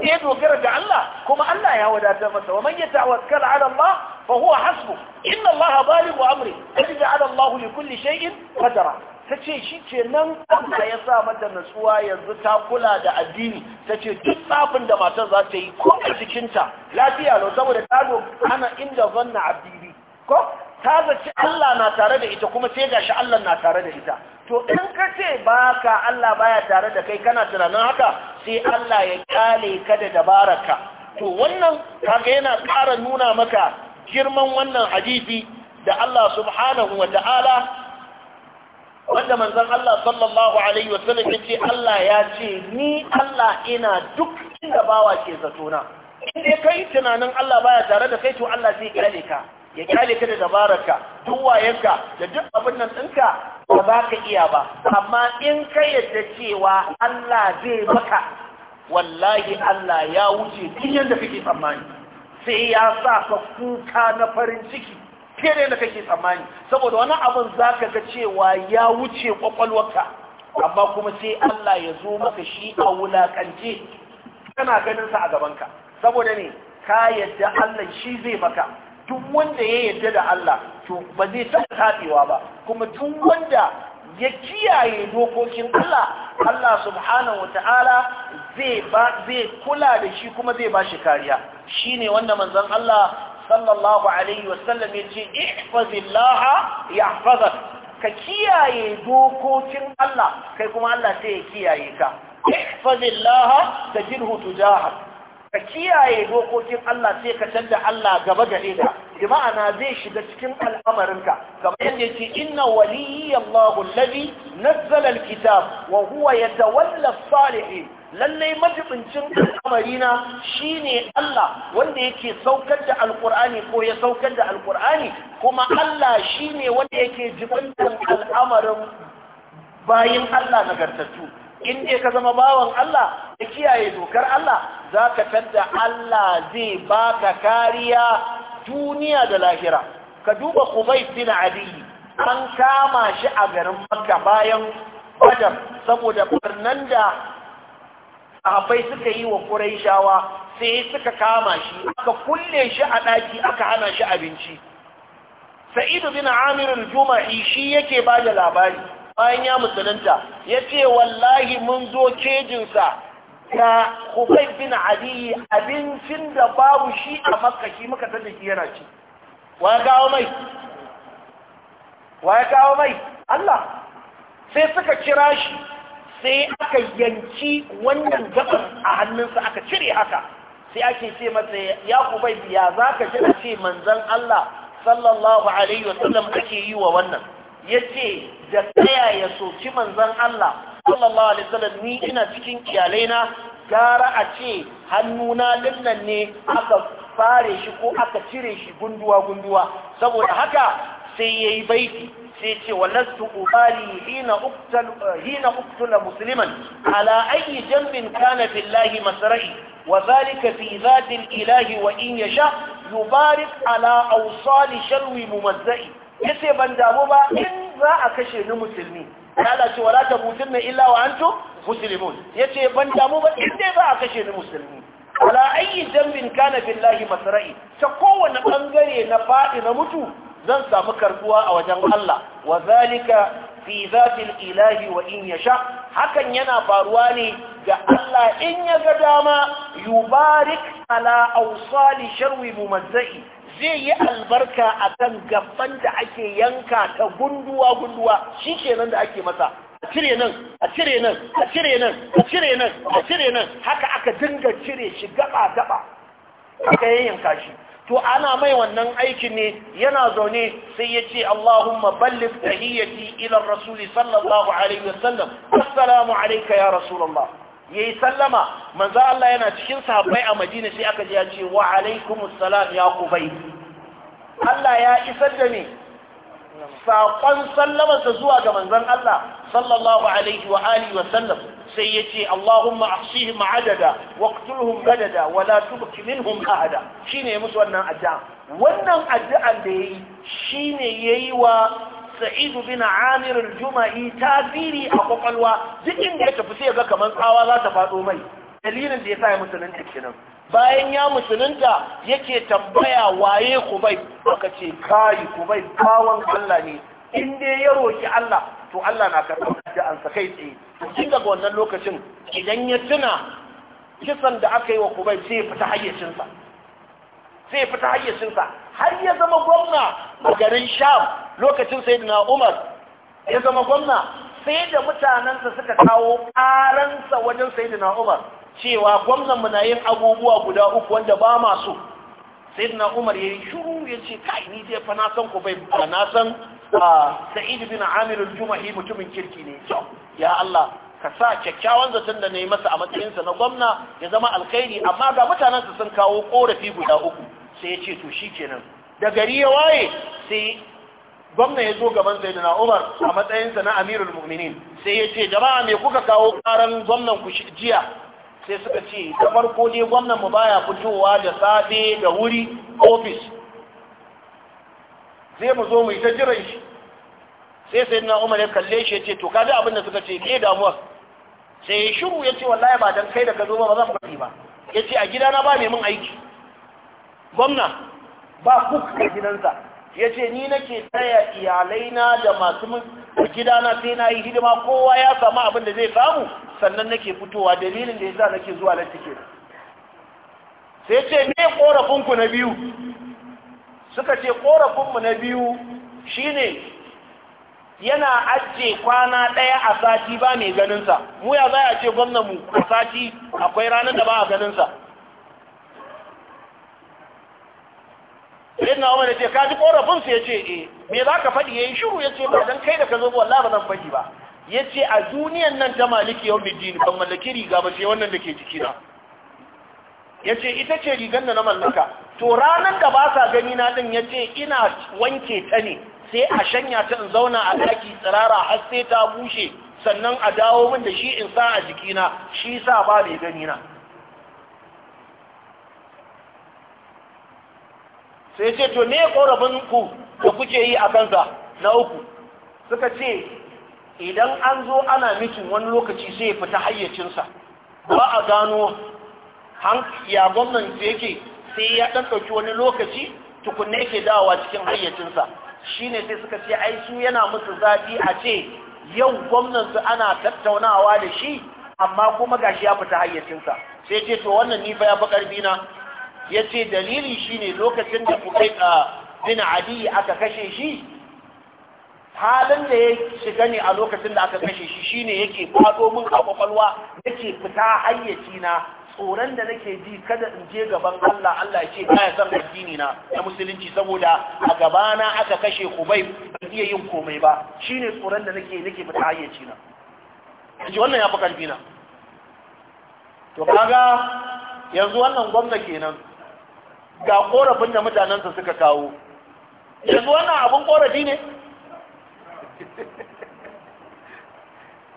ya dogara ga Allah kuma Allah ya wadatar masa wa man yatawakkal ala Allah fa huwa hasbu inna Allah balighu amri qad ja'ala Allah li kulli shay'in qadara ta ce shi ke nan Allah ya sa mata natsuwa yanzu ta kula da addini ta ce duk tsafin da matar za ta yi ko a cikinta lafiya lau saboda ta ana inda zanna abdiri ko ta zaci Allah na tare da ita kuma sai gashi Allah na tare da ita to in ka ce ba ka Allah baya tare da kai kana tunanin haka sai Allah ya kale ka da dabaraka to wannan kaga yana ƙara nuna maka girman wannan hadisi da Allah subhanahu wa ta'ala wanda manzon Allah sallallahu alaihi wa sallam yace Allah ya ce ni Allah ina duk inda bawa ke zato na in dai kai tunanin Allah baya tare da kai to Allah zai kyale ka ya kyale ka da dabararka duk wayanka da duk abin nan ɗinka ba za ka iya ba amma in ka yadda cewa Allah zai maka wallahi Allah ya wuce duk yadda kake tsammani sai ya sa ka kuka na farin ciki ne da kake tsammani saboda wani abin za ka ga cewa ya wuce kwakwalwarka amma kuma sai Allah ya zo maka shi a wulakance kana ganin sa a gabanka saboda ne ka yadda Allah shi zai maka duk wanda ya yadda da Allah to ba zai taɓa taɓewa ba kuma duk wanda ya kiyaye dokokin Allah Allah subhanahu wa ta'ala zai kula da shi kuma zai ba shi kariya shine wanda manzon Allah sallallahu alaihi wasallam ya ihfazillaha yahfazak ka kiyaye dokokin Allah kai kuma Allah sai ya kiyaye ka ihfazillaha tu tujahak ka kiyaye dokokin Allah sai ka canza Allah gaba gare ka bi ma'ana zai shiga cikin al'amarinka kamar yadda yake inna waliyyi Allahu allazi nazzala alkitab wa huwa yatawalla as-salihin lallai majibincin al'amari na shine Allah wanda yake saukar da alkur'ani ko ya saukar da alkur'ani kuma Allah shine wanda yake jibantar al'amarin bayin Allah nagartattu in dai ka zama bawan Allah da kiyaye dokar Allah za ka tadda Allah zai baka kariya duniya da lahira ka duba Kubayt bin Adi an kama shi a garin Makka bayan Badar saboda barnan da sahabbai suka yi wa Qurayshawa sai suka kama shi aka kulle shi a daki aka hana shi abinci Sa'id bin Amir al-Jumahi shi yake ba da labari bayan ya musulunta yace wallahi mun zo kejin sa da bin abincin da babu shi a Makka shi muka tada shi yana ci wa gawo mai wa gawo mai Allah sai suka kira shi sai aka yanki wannan gaban a hannunsa aka cire haka sai ake ce masa ya kubai biya za ka jira ce manzan Allah sallallahu alaihi wasallam ake yi wa wannan ya ce da tsaya ya soki manzan Allah sallallahu alaihi wasallam ni ina cikin iyalaina gara a ce hannuna dinnan ne aka fare shi ko aka cire shi gunduwa-gunduwa saboda haka sai ya yi baiti sai ce walastu ubali hina uqtal musulman. uqtala musliman ala ayi jambin kana billahi masra'i وذلك في ذات الإله وإن يشاء يبارك على أوصال شلو Ya ce ban damu ba in za a kashe ni musulmi Allah ce wala ta tabutunna illa wa antum Ya ce ban damu ba in dai za a kashe ni musulmi ala ayi dambin kana billahi masra'i ta kowane bangare na faɗi na mutu zan samu karbuwa a wajen Allah wa zalika fi zatil ilahi wa in yasha hakan yana faruwa ne ga Allah in ya ga dama yubarik ala awsali sharwi mumazzai zai yi albarka akan gaban da ake yanka ta gunduwa gunduwa kenan da ake masa a cire nan a cire nan a cire nan a cire nan a cire nan haka aka dinga cire shi gaba gaba aka yanka shi to ana mai wannan aikin ne yana zaune sai ya ce Allahumma ballig tahiyyati ila rasul sallallahu alaihi wasallam assalamu alayka ya rasulullah yayi sallama manzo Allah yana cikin sahabbai a Madina sai aka ji ya ce wa alaikumus salam ya kubai Allah ya isar da ni saƙon sallamarsa zuwa ga manzon Allah sallallahu alaihi wa alihi wa sallam sai ya ce Allahumma ahsihim adada waqtulhum badada wa la tubqi minhum ahada shine musu wannan addu'a wannan addu'an da yayi shine yayi wa Sa'idu bin Amir al tasiri a kwakwalwa duk inda ya tafi sai ga kamar tsawa za ta faɗo mai dalilin da ya sa ya musulunci kenan bayan ya musulunta yake tambaya waye kubai aka ce kai kubai bawan Allah ne in dai ya roki Allah to Allah na karɓar da an sakai tsaye to tun daga wannan lokacin idan ya tuna kisan da aka yi wa kubai sai ya fita hayyacinsa sai ya fita hayyacinsa har ya zama gwamna a garin sham lokacin sayyidina umar ya zama gwamna sai da mutanansa suka kawo ƙaransa wajen sayyidina umar cewa gwamnan mu na yin abubuwa guda uku wanda ba ma so na umar yayi shuru ce kai ni dai fa na san ku bai ba na san ah, sa'id bin amir al-jumahi mutumin kirki ne to ya Allah ka sa kyakkyawan zaton da nayi masa a matsayinsa na gwamna ya zama alkhairi amma ga sa sun kawo korafi guda uku sai ya ce to shikenan da gari ya waye sai gwamna ya zo gaban na Umar a matsayinsa na Amirul Mu'minin sai ya ce jama'a me kuka kawo karan gwamnan ku jiya sai suka ce da farko dai gwamnan mu baya fitowa da safe da wuri ofis zai mu zo mu yi ta jiran shi sai sai na umar ya kalle shi ya ce to kaji abin da suka ce ke damuwa sai ya shiru ya ce wallahi ba dan kai da ka zo ba ba zan faɗi ba ya ce a gidana ba mai mun aiki gwamna ba kuka gidansa ya ce ni nake taya iyalaina da masu a gidana sai na yi hidima kowa ya samu abin da zai samu sannan nake fitowa dalilin da ya yasa nake zuwa na sai ce me korafinku na biyu suka ce korafinmu na biyu shine yana ajiye kwana ɗaya a sati ba mai ganinsa mu ya za a ce gwamnanmu a sati akwai ranar da ba a ganinsa sai na umar ce kaji korafin su yace eh me za ka faɗi yayi shiru ce ba dan kai da ka zo wallahi ba zan faɗi ba ya ce a duniyan nan ta maliki yau bidin ban mallaki riga ba sai wannan da ke jikina ce ita ce rigan da na mallaka to ranar da ba sa gani na din ce ina wanke ta ne sai a shanya ta in zauna a daki tsirara har sai ta bushe sannan a dawo min da shi in sa a jikina shi sa ba bai gani na sai ce to me korafin ku da kuke yi a kansa na uku suka ce idan an zo ana mitin wani lokaci sai ya fita hayyacinsa ba a gano ya gwamnan da yake sai ya ɗanɗauki wani lokaci tukunne yake dawa cikin hayyacinsa shi ne sai suka ce ai su yana musu zafi a ce yau gwamnan su ana tattaunawa da shi amma kuma gashi ya fita hayyacinsa sai ce to wannan ni fa ya fi ƙarfi na ya ce dalili shine lokacin da kuka bin adi aka kashe shi halin da ya shiga ne a lokacin da aka kashe shi shine yake fado min a kwakwalwa nake fita hayyaci na tsoron da nake ji kada in je gaban Allah Allah ce ya san addini na na musulunci saboda a gabana aka kashe kubai ban iya yin komai ba shine tsoron da nake nake fita hayyaci na ji wannan ya fi karfi na to kaga yanzu wannan gwamna kenan ga korafin da mutanensa suka kawo yanzu wannan abin korafi ne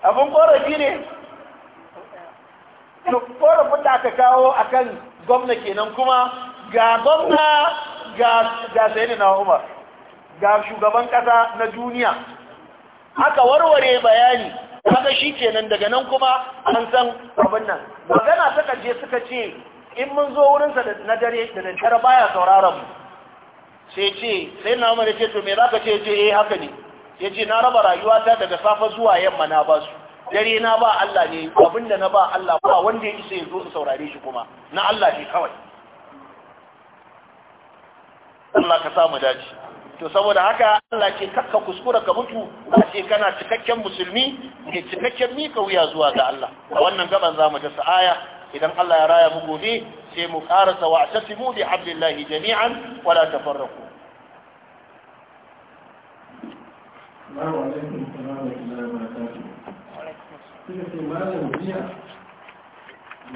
abin korafi ne korafin da aka kawo akan gwamna kenan kuma ga gwamna ga sayani na umar ga shugaban kasa na duniya aka warware bayani haka shi kenan daga nan kuma an san abin nan magana suka je suka ce in mun zo wurinsa na dare da daddare baya sauraron mu sai ce sai na umar ce to me za ka ce ce eh haka ne ya ce na raba rayuwata daga safa zuwa yamma na ba su dare na ba Allah ne abinda na ba Allah ba wanda ya isa ya zo su saurare shi kuma na Allah ne kawai Allah ka samu dace to saboda haka Allah ke kakka kuskura ka mutu a ce kana cikakken musulmi ne cikakken mika wuya zuwa ga Allah a wannan gaban zamu ta aya. idan Allah ya raya mu gobe sai mu karasa wa tasimu bi hablillahi jami'an wala tafarraqu Assalamu alaikum warahmatullahi wabarakatuh. Kika ce malam biya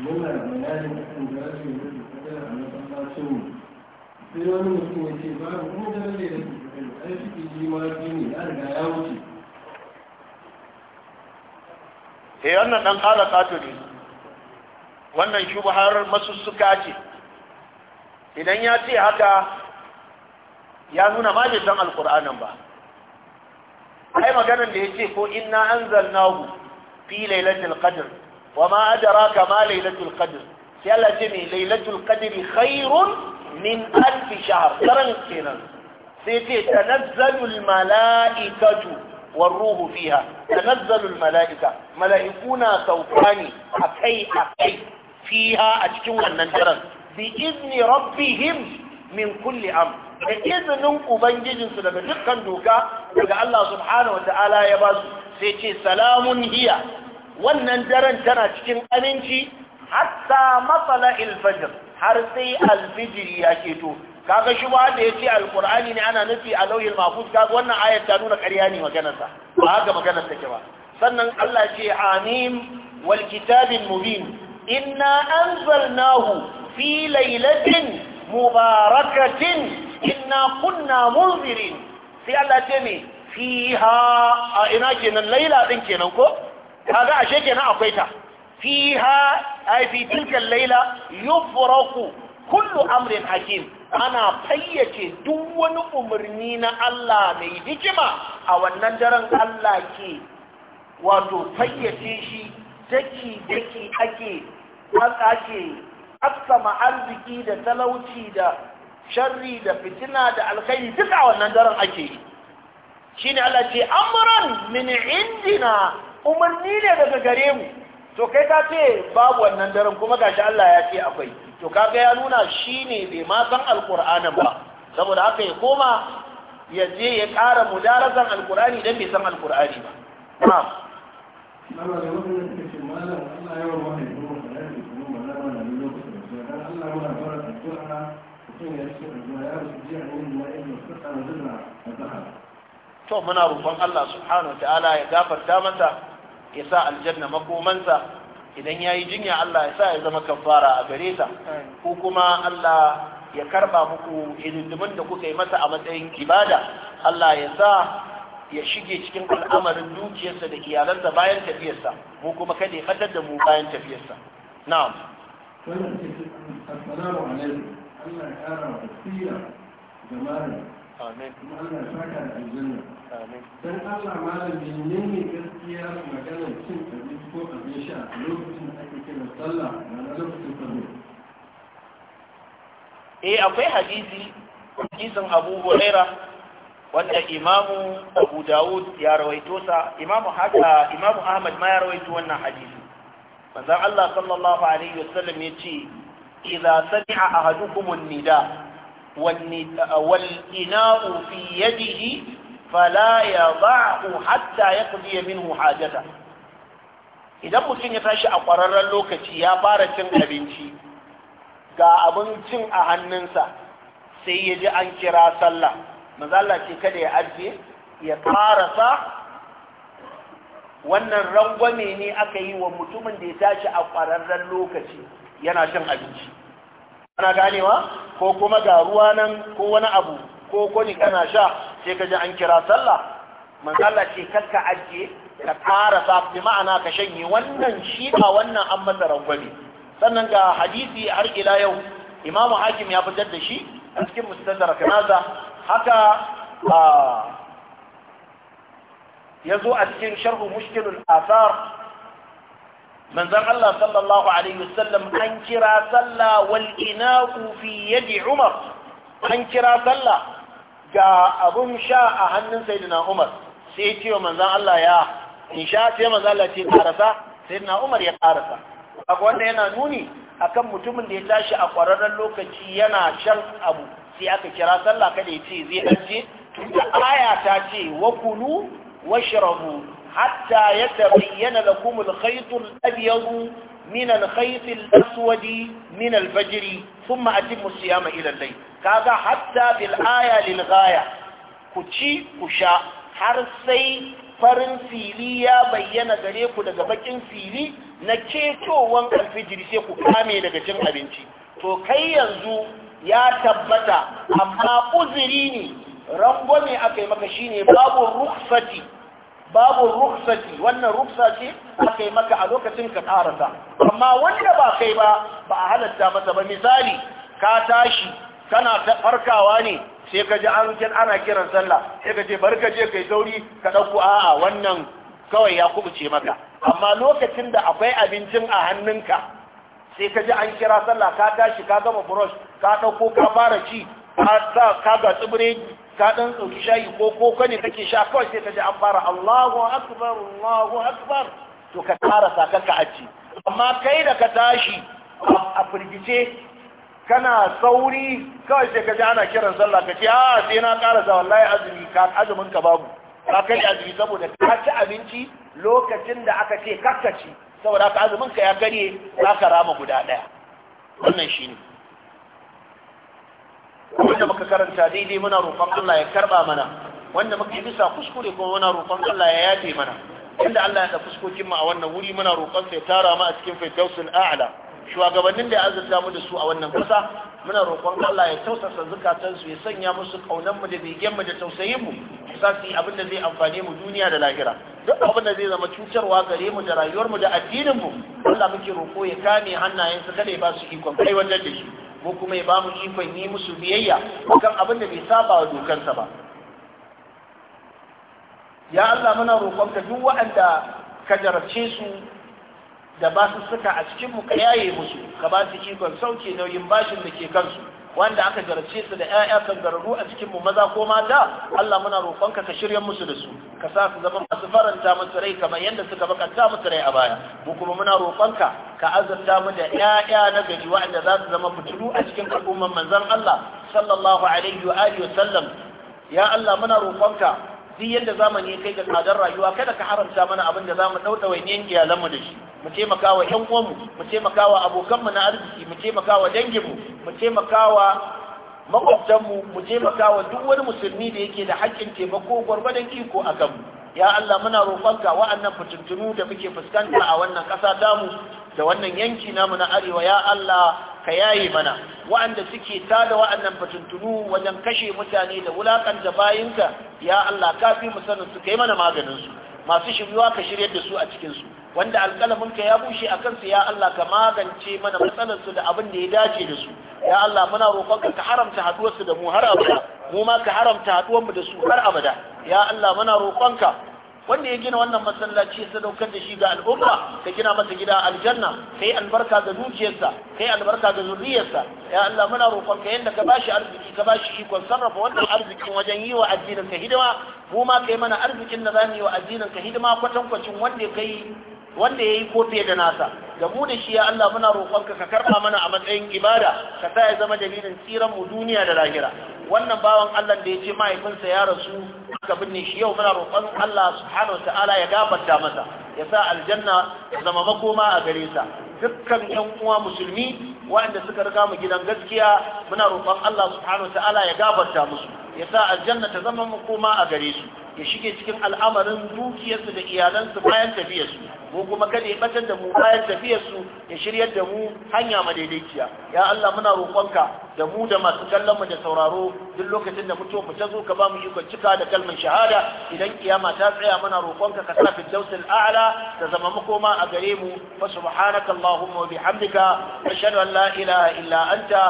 muna bayanin akan darasin da ke fadar a masallacin mu. Sai wani mutum ya ce babu kuma darajar da ke fadar ai suke ji ma ne ya riga ya wuce. Eh wannan dan kala kato ne. wannan shubhar masussuka ce idan ya ce haka ya nuna ma bai san alkur'anin ba ai maganar da ya ce ko inna anzalnahu fi lailatul qadr wa ma adraka ma lailatul qadr sai Allah ce ne lailatul qadr khairun min alf shahr karan kenan sai ce tanazzalul malaikatu والروح فيها تنزل الملائكة ملائكونا سوفاني akai-akai. fiha a cikin wannan daren bi izni rabbihim min kulli am da izinin ubangijinsu daga dukkan doka daga Allah subhanahu wa ta'ala ya ba su sai ce salamun hiya wannan daren tana cikin aminci hatta matsala ilfajir har sai alfijiri ya keto kaga shi ba da ya ce alkur'ani ne ana nufi a lauyin mafus kaga wannan ayar ta nuna karya ne maganarsa ba haka maganar take ba sannan Allah ce amin wal kitabin mubin Ina an Nahu fi lailatin mubarakatin inna kunna mulmirin fi alace ne fi ha ina kenan laila din kenan ko? ta za a shekena akwai ta fi ha a fi tilkan laila yufuraku kullu amrin hakim ana fayyace duk wani umarni na Allah mai hikima a wannan daren Allah ke wato fayyace shi daki daki ake ake aksama arziki da talauci da sharri da fitina da alkhairi duka a wannan daren ake yi shi ne Allah ce amuran min indina umarni ne daga gare mu to kai ka ce babu wannan daren kuma gashi Allah ya ce akwai to kaga ya nuna shi ne bai ma san alkur'anin ba saboda haka ya koma ya je ya ƙara mudarasan alkur'ani dan bai san alkur'ani ba. Na'am. to muna roƙon Allah subhanahu ta'ala ya gafarta masa ya sa aljanna makomansa idan ya yi jinya Allah ya sa ya zama kafara a gare ta ko kuma Allah ya karba muku hidindimin da kuka yi masa a matsayin ibada Allah ya sa ya shige cikin al'amarin dukiyarsa da iyalansa bayan tafiyarsa mu kuma kada ya fadar da mu bayan tafiyarsa na'am Allah ya kara wa da malam amin Allah ya saka da aljanna amin dan Allah malam menene gaskiya maganar cin abinci ko abin sha a lokacin da ake kira sallah na lokacin sallah eh akwai hadisi hadisin Abu Hurairah wanda imamu abu dawud ya rawaito sa imamu haka imamu ahmad ma ya rawaito wannan hadisi manzon Allah sallallahu alaihi wasallam ya ce إذا سمع أحدكم النداء والإناء في يده فلا يضعه حتى يقضي منه حاجته idan mutum ya tashi a ƙwararren lokaci ya fara cin abinci ga abincin a hannunsa sai ya ji an kira sallah mazalla ce kada ya ajiye ya karasa wannan rangwame ne aka yi wa mutumin da ya tashi a ƙwararren lokaci yana shan abinci ana ganewa ko kuma ga ruwa nan ko wani abu ko kwani kana sha sai ka ji an kira sallah man Allah ce ka ajiye ka kara, sa bi ma'ana ka shanye wannan shi ba wannan an masa rangwame sannan ga hadisi har ila yau imamu hakim ya fitar da shi a cikin mustadar kanaza haka ah, ya zo a cikin sharhu mushkilul asar manzon Allah sallallahu alaihi wasallam an kira sallah wal inaqu fi yadi Umar an kira sallah ga abun sha a hannun sayyidina Umar sai ya ce wa manzon Allah ya in sha sai manzon Allah ce karasa sayyidina Umar ya karasa abu wanda yana nuni akan mutumin da ya tashi a kwararren lokaci yana shan abu sai aka kira sallah kada ya ce zai aje tunda aya ta ce wa kulu washrabu hatta yatabayyana lakum al-khayt al-abyad min al-khayt al-aswad min al-fajr thumma atimmu as-siyama ila al-layl kaga hatta bil aya ku ci ku sha har sai farin fili ya bayyana gare ku daga bakin fili na cetowan alfijiri sai ku kame daga cin abinci to kai yanzu ya tabbata amma uzuri ne rangwame aka yi maka shine babu rukhsati babu rukhsati wannan ruksa ce aka yi maka a lokacin ka karasa amma wanda ba kai ba ba a halatta masa ba misali ka tashi kana farkawa ne sai ka ji an ana kiran sallah sai ka je barka je kai sauri ka dauko a'a wannan kawai ya kubuce maka amma lokacin da akwai abincin a hannunka sai ka ji an kira sallah ka tashi ka gama brush ka dauko ka fara ci ka ka ga tsibiri ka dan tsoki shayi ko ko ne kake sha kawai sai ka ji an fara Allahu akbar Allahu akbar to ka kara sakanka a ci amma kai da ka tashi a firgice kana sauri kawai sai ka ji ana kiran sallah ka ce a ah, sai na ƙara za wallahi azumi ka azumin ka babu ka kai azumi saboda ka ci abinci lokacin da aka ce kakkaci saboda ka azumin ka ya karye za ka rama guda ɗaya wannan shine wanda muka karanta daidai muna roƙon Allah ya karba mana wanda muka yi bisa kuskure kuma muna roƙon Allah ya yafe mana inda Allah ya da fuskokin mu a wannan wuri muna roƙon sa ya tara mu a cikin firdausul a'la shugabannin da ya azurta mu da su a wannan kasa muna roƙon Allah ya tausasa zukatan su ya sanya musu kaunan mu da bigen mu da tausayin mu su yi abin da zai amfane mu duniya da lahira duk abin da zai zama cutarwa gare mu da rayuwar mu da addinin mu Allah muke roko ya kame hannayen su kada ya ba su ikon kai wannan da shi ko kuma ya ba mu ikon yi musu biyayya kan abin da bai saba wa dokansa ba ya Allah muna roƙonka duk waɗanda ka jarabce su da ba su suka a cikin mu ka yaye musu ka ba su ikon sauke nauyin bashin da ke kansu wanda aka garce su da ƴaƴa kan a cikin mu maza ko mata Allah muna roƙonka ka shirya musu da su ka sa su zama masu faranta musu rai kamar yadda suka bakanta musu rai a baya mu kuma muna roƙonka ka azurta mu da ƴaƴa na gari Wanda za su zama fitilu a cikin al'umman manzon Allah sallallahu alaihi wa sallam ya Allah muna roƙonka duk yadda zamani ya kai ga tsadar rayuwa kada ka haramta mana abin da zamu dauda wainiyan iyalanmu da shi mu taimakawa wa ƴan uwanmu mu taimakawa wa abokanmu na arziki mu taimakawa wa danginmu mu taimaka wa makwabtanmu mu taimaka wa duk wani musulmi da yake da haƙƙin taimako gwargwadon iko a kanmu ya Allah muna roƙonka wa'annan fitintunu da muke fuskanta a wannan ƙasa tamu da wannan yanki namu na arewa ya Allah ka yayi mana wa'anda suke ta da wa'annan fatuntunu wajen kashe mutane da wulakanta bayinka ya Allah ka fi mu sanin su kai mana maganin su masu shiryuwa ka shiryar da su a cikin su wanda alƙalamin ka ya bushe a kansu ya Allah ka magance mana matsalar su da abin da ya dace da su ya Allah muna roƙonka ka haramta haduwar su da mu har abada mu ma ka haramta haduwar mu da su har abada ya Allah muna roƙonka wanda ya gina wannan masallaci ya sadaukar da shi ga al'umma ka gina masa gida aljanna kai albarka ga dukiyarsa kai albarka ga zuriyarsa ya Allah muna roƙon ka yanda ka bashi arziki ka bashi ikon sarrafa wannan arzikin wajen yi wa addinin ka hidima mu ma kai mana arzikin da zamu yi wa addinin ka hidima kwatankwacin wanda kai wanda ya yi ko fiye da nasa da mu da shi ya Allah muna roƙonka ka karɓa mana a matsayin ibada ka sa ya zama dalilin tsiran mu duniya da lahira wannan bawan Allah da ya ce mahaifinsa ya rasu aka binne shi yau muna roƙon Allah subhanahu ta'ala ya gabata masa ya sa aljanna zama makoma a gare sa dukkan ƴan uwa musulmi waɗanda suka riga mu gidan gaskiya muna roƙon Allah subhanahu ta'ala ya gafarta musu ya sa aljanna ta zama makoma a gare su ya shige cikin al'amarin dukiyarsu da iyalansu bayan tafiyarsu Mu kuma kada ya batar da mu bayan tafiyarsu ya shiryar da mu hanya madaidaiciya ya Allah muna roƙonka da mu da masu kallon mu da sauraro duk lokacin da mutum mu ta zo ka ba mu ikon cika da kalmar shahada idan kiyama ta tsaya muna roƙonka ka sa firdausul a'la ta zama makoma a gare mu fa subhanaka allahumma wa bihamdika ashhadu an la ilaha illa anta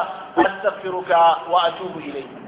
astaghfiruka wa atubu ilayk